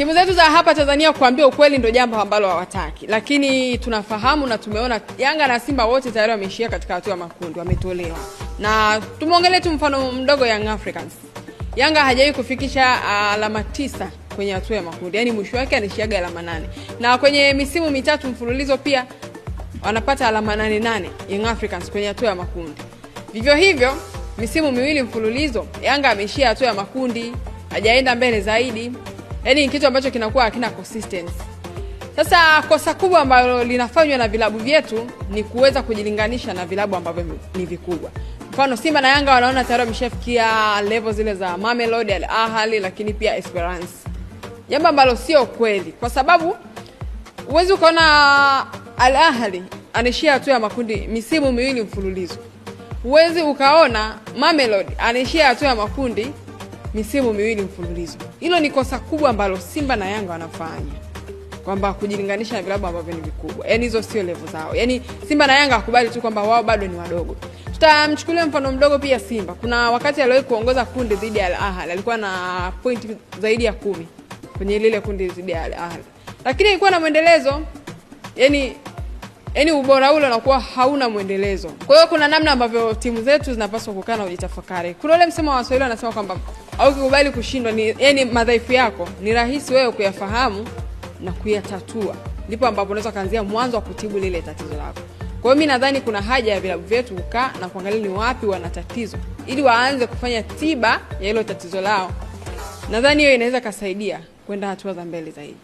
Timu zetu za hapa Tanzania kuambia ukweli ndio jambo ambalo hawataki, lakini tunafahamu na tumeona Yanga na Simba wote tayari wameishia katika hatua ya makundi, wametolewa. Na tumwongelee tu mfano mdogo Young Africans. Yanga hajawahi kufikisha ah, alama tisa kwenye hatua ya makundi, yaani mwisho wake anaishiaga alama nane, na kwenye misimu mitatu mfululizo pia wanapata alama nane nane Young Africans kwenye hatua ya makundi. Vivyo hivyo misimu miwili mfululizo Yanga ameishia hatua ya makundi, hajaenda mbele zaidi yani kitu ambacho kinakuwa hakina consistency. Sasa kosa kubwa ambalo linafanywa na vilabu vyetu ni kuweza kujilinganisha na vilabu ambavyo ni vikubwa. Mfano Simba na Yanga wanaona tayari wameshafikia level zile za Mamelodi, Al Ahly, lakini pia Esperance, jambo ambalo sio kweli, kwa sababu huwezi ukaona Al Ahly anaishia hatua ya makundi misimu miwili mfululizo. Huwezi ukaona Mamelodi anaishia hatua ya makundi misimu miwili mfululizo. Hilo ni kosa kubwa ambalo Simba na Yanga wanafanya, kwamba kujilinganisha na vilabu ambavyo ni vikubwa. Yaani hizo sio levo zao. Yaani Simba na Yanga wakubali tu kwamba wao bado ni wadogo. Tutamchukulia mfano mdogo pia Simba. Kuna wakati aliwahi kuongoza kundi dhidi ya Al Ahly, alikuwa na pointi zaidi ya kumi kwenye lile kundi dhidi ya Al Ahly, lakini ilikuwa na mwendelezo, yaani yaani ubora ule unakuwa hauna mwendelezo. Kwa hiyo kuna namna ambavyo timu zetu zinapaswa kukaa na kujitafakari. Kuna ule msemo wa Waswahili wanasema kwamba haukikubali kushindwa, ni yaani madhaifu yako ni rahisi wewe kuyafahamu na kuyatatua, ndipo ambapo unaweza kaanzia mwanzo wa kutibu lile tatizo lako. Kwa hiyo mi nadhani kuna haja ya vilabu vyetu kukaa na kuangalia ni wapi wana tatizo, ili waanze kufanya tiba ya hilo tatizo lao. Nadhani hiyo inaweza kasaidia kwenda hatua za mbele zaidi.